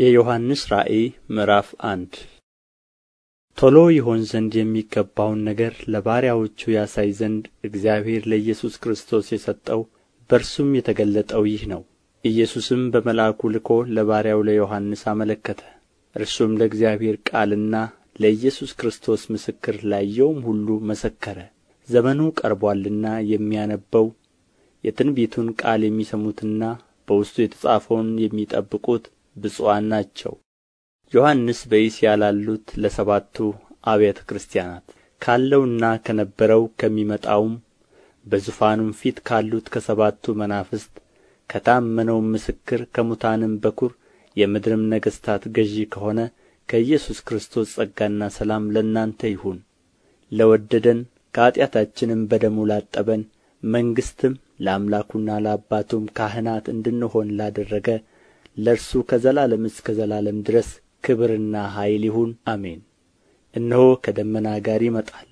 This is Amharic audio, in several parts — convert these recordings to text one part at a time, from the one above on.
የዮሐንስ ራእይ ምዕራፍ አንድ ቶሎ ይሆን ዘንድ የሚገባውን ነገር ለባሪያዎቹ ያሳይ ዘንድ እግዚአብሔር ለኢየሱስ ክርስቶስ የሰጠው በእርሱም የተገለጠው ይህ ነው። ኢየሱስም በመልአኩ ልኮ ለባሪያው ለዮሐንስ አመለከተ። እርሱም ለእግዚአብሔር ቃልና ለኢየሱስ ክርስቶስ ምስክር ላየውም ሁሉ መሰከረ። ዘመኑ ቀርቧልና የሚያነበው የትንቢቱን ቃል የሚሰሙትና በውስጡ የተጻፈውን የሚጠብቁት ብፁዓን ናቸው። ዮሐንስ በእስያ ላሉት ለሰባቱ አብያተ ክርስቲያናት ካለውና ከነበረው ከሚመጣውም በዙፋኑም ፊት ካሉት ከሰባቱ መናፍስት ከታመነውም ምስክር ከሙታንም በኩር የምድርም ነገሥታት ገዢ ከሆነ ከኢየሱስ ክርስቶስ ጸጋና ሰላም ለእናንተ ይሁን። ለወደደን ከኃጢአታችንም በደሙ ላጠበን መንግሥትም ለአምላኩና ለአባቱም ካህናት እንድንሆን ላደረገ ለእርሱ ከዘላለም እስከ ዘላለም ድረስ ክብርና ኃይል ይሁን አሜን እነሆ ከደመና ጋር ይመጣል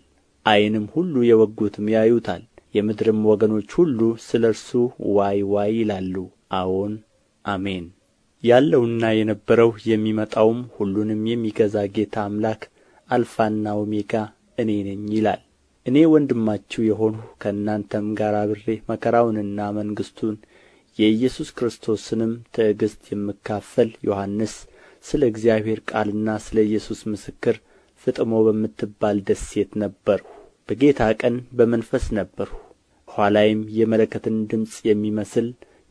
ዓይንም ሁሉ የወጉትም ያዩታል የምድርም ወገኖች ሁሉ ስለ እርሱ ዋይ ዋይ ይላሉ አዎን አሜን ያለውና የነበረው የሚመጣውም ሁሉንም የሚገዛ ጌታ አምላክ አልፋና ኦሜጋ እኔ ነኝ ይላል እኔ ወንድማችሁ የሆንሁ ከእናንተም ጋር አብሬ መከራውንና መንግሥቱን የኢየሱስ ክርስቶስንም ትዕግሥት የምካፈል ዮሐንስ ስለ እግዚአብሔር ቃልና ስለ ኢየሱስ ምስክር ፍጥሞ በምትባል ደሴት ነበርሁ በጌታ ቀን በመንፈስ ነበርሁ ኋላይም የመለከትን ድምፅ የሚመስል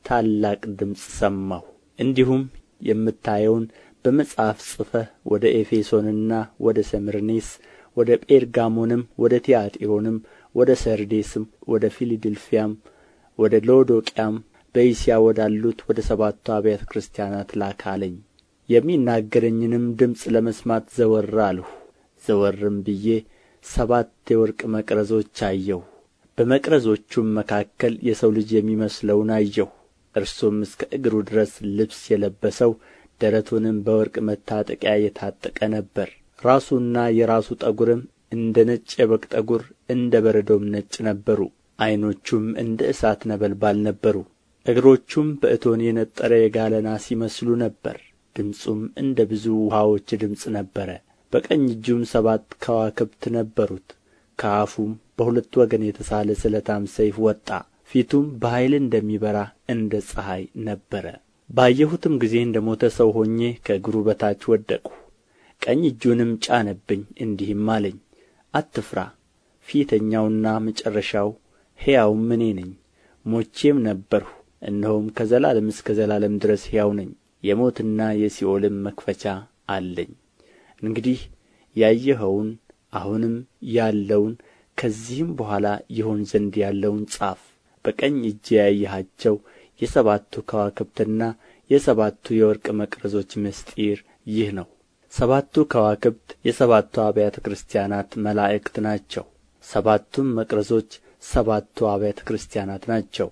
ታላቅ ድምፅ ሰማሁ እንዲሁም የምታየውን በመጽሐፍ ጽፈህ ወደ ኤፌሶንና ወደ ሰምርኔስ ወደ ጴርጋሞንም ወደ ቲያጢሮንም ወደ ሰርዴስም ወደ ፊልድልፊያም ወደ ሎዶቅያም በእስያ ወዳሉት ወደ ሰባቱ አብያተ ክርስቲያናት ላከ አለኝ የሚናገረኝንም ድምፅ ለመስማት ዘወር አልሁ ዘወርም ብዬ ሰባት የወርቅ መቅረዞች አየሁ በመቅረዞቹም መካከል የሰው ልጅ የሚመስለውን አየሁ እርሱም እስከ እግሩ ድረስ ልብስ የለበሰው ደረቱንም በወርቅ መታጠቂያ የታጠቀ ነበር። ራሱና የራሱ ጠጉርም እንደ ነጭ የበግ ጠጉር እንደ በረዶም ነጭ ነበሩ። ዐይኖቹም እንደ እሳት ነበልባል ነበሩ። እግሮቹም በእቶን የነጠረ የጋለ ናስ ይመስሉ ነበር ድምፁም እንደ ብዙ ውኃዎች ድምፅ ነበረ በቀኝ እጁም ሰባት ከዋክብት ነበሩት ከአፉም በሁለት ወገን የተሳለ ስለታም ሰይፍ ወጣ ፊቱም በኃይል እንደሚበራ እንደ ፀሐይ ነበረ ባየሁትም ጊዜ እንደ ሞተ ሰው ሆኜ ከእግሩ በታች ወደቅሁ ቀኝ እጁንም ጫነብኝ እንዲህም አለኝ አትፍራ ፊተኛውና መጨረሻው ሕያውም እኔ ነኝ ሞቼም ነበርሁ እነሆም ከዘላለም እስከ ዘላለም ድረስ ሕያው ነኝ የሞትና የሲኦልም መክፈቻ አለኝ እንግዲህ ያየኸውን አሁንም ያለውን ከዚህም በኋላ ይሆን ዘንድ ያለውን ጻፍ በቀኝ እጅ ያየሃቸው የሰባቱ ከዋክብትና የሰባቱ የወርቅ መቅረዞች ምስጢር ይህ ነው ሰባቱ ከዋክብት የሰባቱ አብያተ ክርስቲያናት መላእክት ናቸው ሰባቱም መቅረዞች ሰባቱ አብያተ ክርስቲያናት ናቸው